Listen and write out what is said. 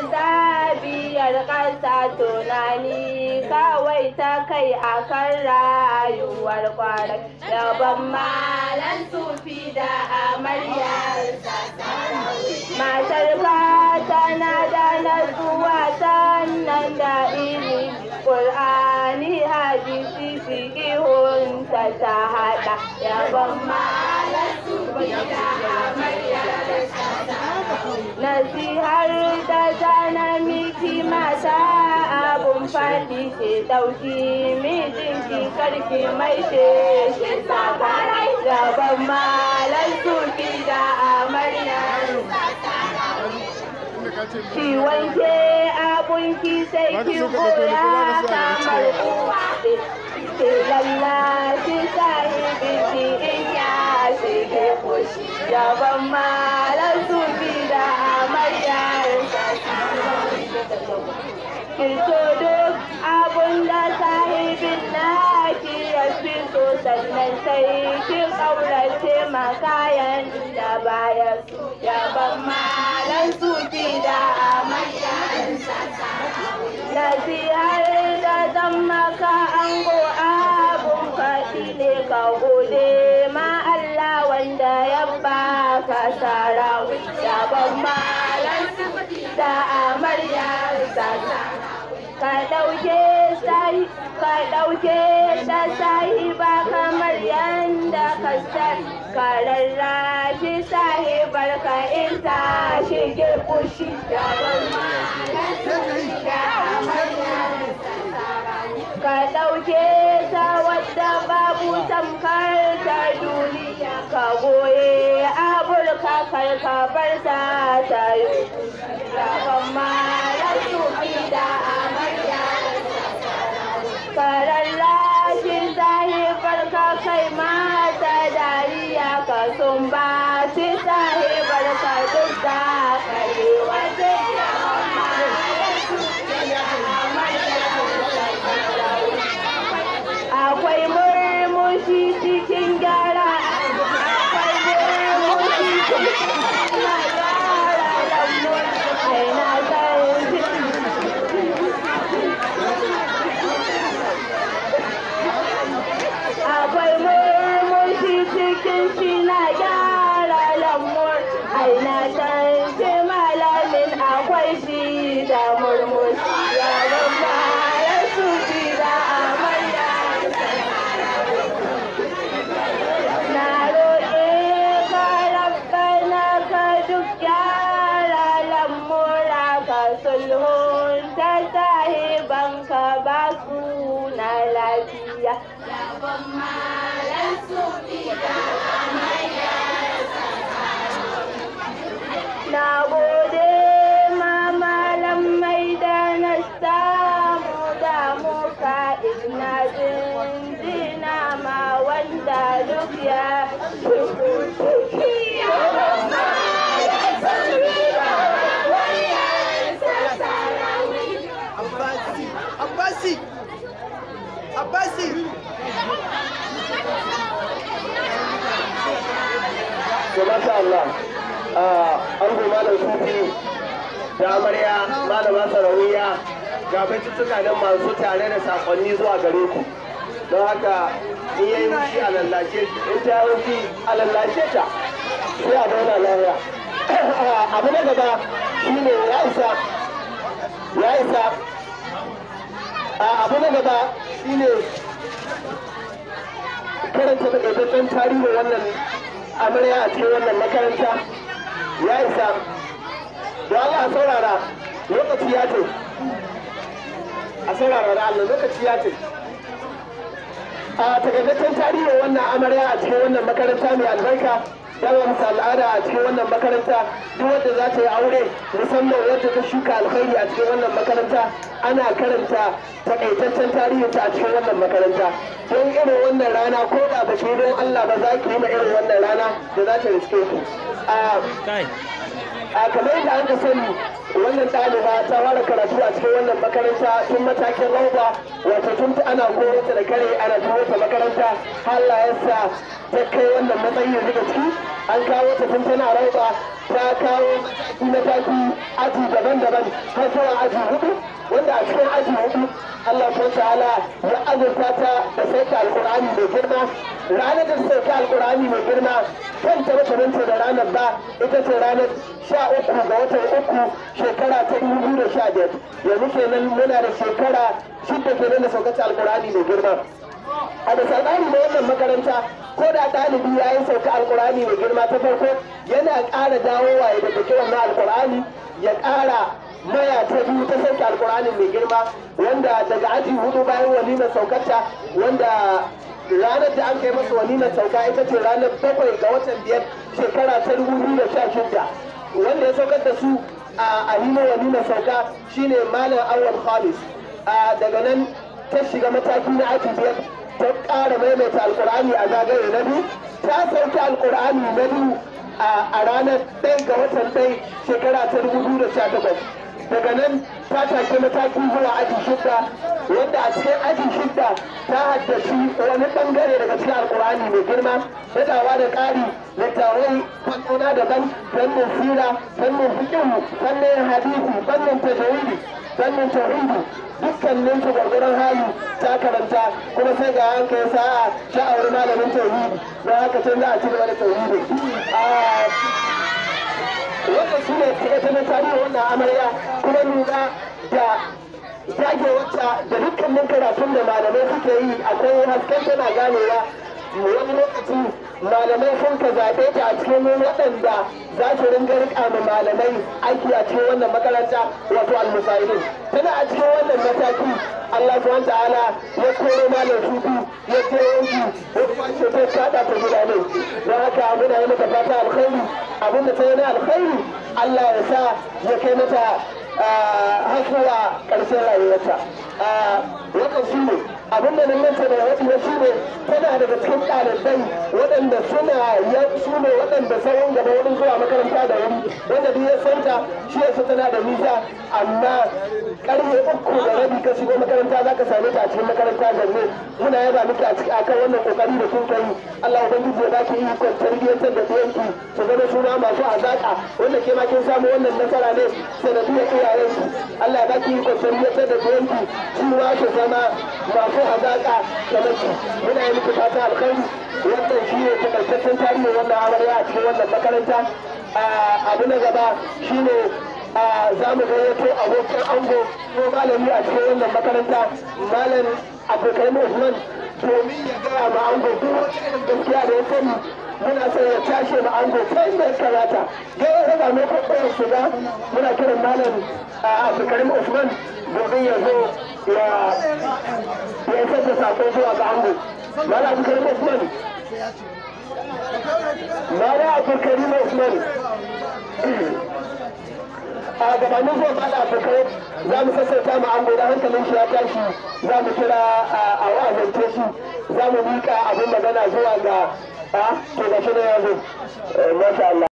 zabiyar ƙasa tunani kawai ta kai a kan rayuwar kwarar yaban malan sufi da amaryar matar fata na da natsuwa sannan da ilimi ƙul'ani hadisi fiƙihun ta ta haɗa yaban malan sufi da tafi har da zana miki mata abun faɗi ke ɗauki mijinki karki mai ce shi sakarai gaban malar suki da amarya ki wanke abun ki sai ki koya kamar uwa ki lallashi sahibi ki in ya shige kushi gaban malar suki sai shi ƙaurace ma kayan da bayan su ban malan su da amayan sata nasihar da zan maka ango abun faɗi ne ka gode ma Allah wanda ya baka sarau ban malan su da amayan sata ka ɗauke sai ba ka ka lallashi sahibar ka in ta shige kushi da ka ɗauke trên she not cha lại lòng con hãy là Ah, ango malam sufi da amarya malama sarauniya ga bincicika nan masu tare da sakonni zuwa gare ku don haka in yayi wuce a lallace in ta wuce a lallace ta sai a dauna lafiya abu na gaba shine ya isa ya isa abu na gaba shine karanta da tarihin wannan amarya a cikin wannan makaranta ya isa da Allah saurara lokaci ya ce a saurara da Allah lokaci ya ce a takaitaccen tarihin wannan amarya a cikin wannan makaranta mai albarka ya bisa al'ada a cikin wannan makaranta duk wadda za ta yi aure musamman wadda ta shuka alkhairi a cikin wannan makaranta ana karanta takaitaccen tarihinta a cikin wannan makaranta don irin wannan rana ko da ba don Allah ba za ki yi ma irin wannan rana da za ta riske ku. Ah, a kamar yadda an ka sani wannan ɗaliba ta fara karatu a cikin wannan makaranta tun matakin rauba wato tun ana koranta da kare ana turo ta makaranta yasa ta kai wannan matsayin yanzu da ciki an kawo ta tun tana rauba ta kawo mataki aji daban-daban har sauran aji hudu wanda a cikin aji hudu Allah subhanahu ta'ala ya azurta ta da sauka alkur'ani mai girma ranar da sauke alkur'ani mai girma kan ta wata da ranar ba ita ce ranar sha uku ga watan uku shekara ta dubu da sha biyar yanzu kenan muna da shekara shidda kenan da sauke alkur'ani mai girma a da sarƙari na wannan makaranta ko da ɗalibi ya yi sauka alkur'ani mai girma ta farko yana ƙara dawowa ya da na alkur'ani ya ƙara maya ta biyu ta sauke alkur'ani mai girma wanda daga aji hudu bayan walimar saukarta wanda ranar da an kai masa walimar sauka ita ce ranar bakwai ga watan biyar shekara ta dubu biyu da sha shida wanda ya saukar da su a alimar walimar sauka shine malam awal khalis daga nan ta shiga mataki na aji biyar ta ƙara maimaita alkur'ani a zagaye na biyu ta sauke alkur'ani na biyu a ranar ɗaya ga watan ɗaya shekara ta dubu biyu da sha takwas daga nan ta take mataki zuwa aji shidda wanda a cikin aji shidda ta haddaci wani bangare daga cikin alkur'ani mai girma dawa da ƙari littattafai da daban fannin sira fannin fikihu fannin hadisi fannin tajawidi fannin tauhidi dukkanin su gwargwaron hali ta karanta kuma sai ga hanka ya sa'a ta auri malamin tauhidi don haka can za a ci gaba da tauhidi ah. wanda su ne suka na tarihi wannan amarya kuma nuna da jagewarta da dukkanin karatun da malamai suke yi akwai hasken tana ganewa wani lokaci malamai sun ka zaɓe ta a cikin waɗanda za su ringa riƙa ma malamai aiki a cikin wannan makaranta wato almusairin tana a cikin wannan mataki Allah subhanahu ta'ala ya koro malam sufi ya ce yanki ya kwashe ta ta gida ne don haka muna yi mata fata alkhairi abin da ta yi na alkhairi Allah ya sa ya kai mata ah, har zuwa ƙarshen rayuwarta. Ah, Wakan shi ne abin da nan da wasu ya shi ne tana daga cikin ɗalibai waɗanda suna ya su ne waɗanda sauran gaba wurin zuwa makaranta da wani wanda duk ya santa shi ya tana da nisa amma ƙarfe uku da rabi ka shigo makaranta za ka same ta a cikin makaranta ne muna yaba miki a ciki akan wannan kokari da kun kai Allah ubangiji ya baki ikon tarbiyyantar da ɗiyanki su zama suna masu azaka wanda ke ma kin samu wannan nasara ne sanadiyar iyayenki Allah ya baki ikon tarbiyyantar da ɗiyanki shi ma su zama masu hazaƙa ta mace muna yi muku fata alkhairi wannan shi ne takaitaccen tarihi wannan amarya a cikin wannan makaranta abu na gaba shi ne za mu gayyato abokin ango ko malami a cikin wannan makaranta malam abdulkarim usman domin ya gaya ma ango duk wata irin gaskiya da ya sani muna son ya tashi ma ango kai mai karata da ya raba mai kwakwayar shiga muna kiran malam abdulkarim usman domin ya zo ya ya sanya sako zuwa ga ango mala abdulkarim usman mala abdulkarim usman a gabanin zuwa mala abdulkarim za mu sassauta ma ango da hankalin shi ya tashi za mu kira a wa'azance shi za mu miƙa abin magana zuwa ga to ga shi ne ya zo eh, masha Allah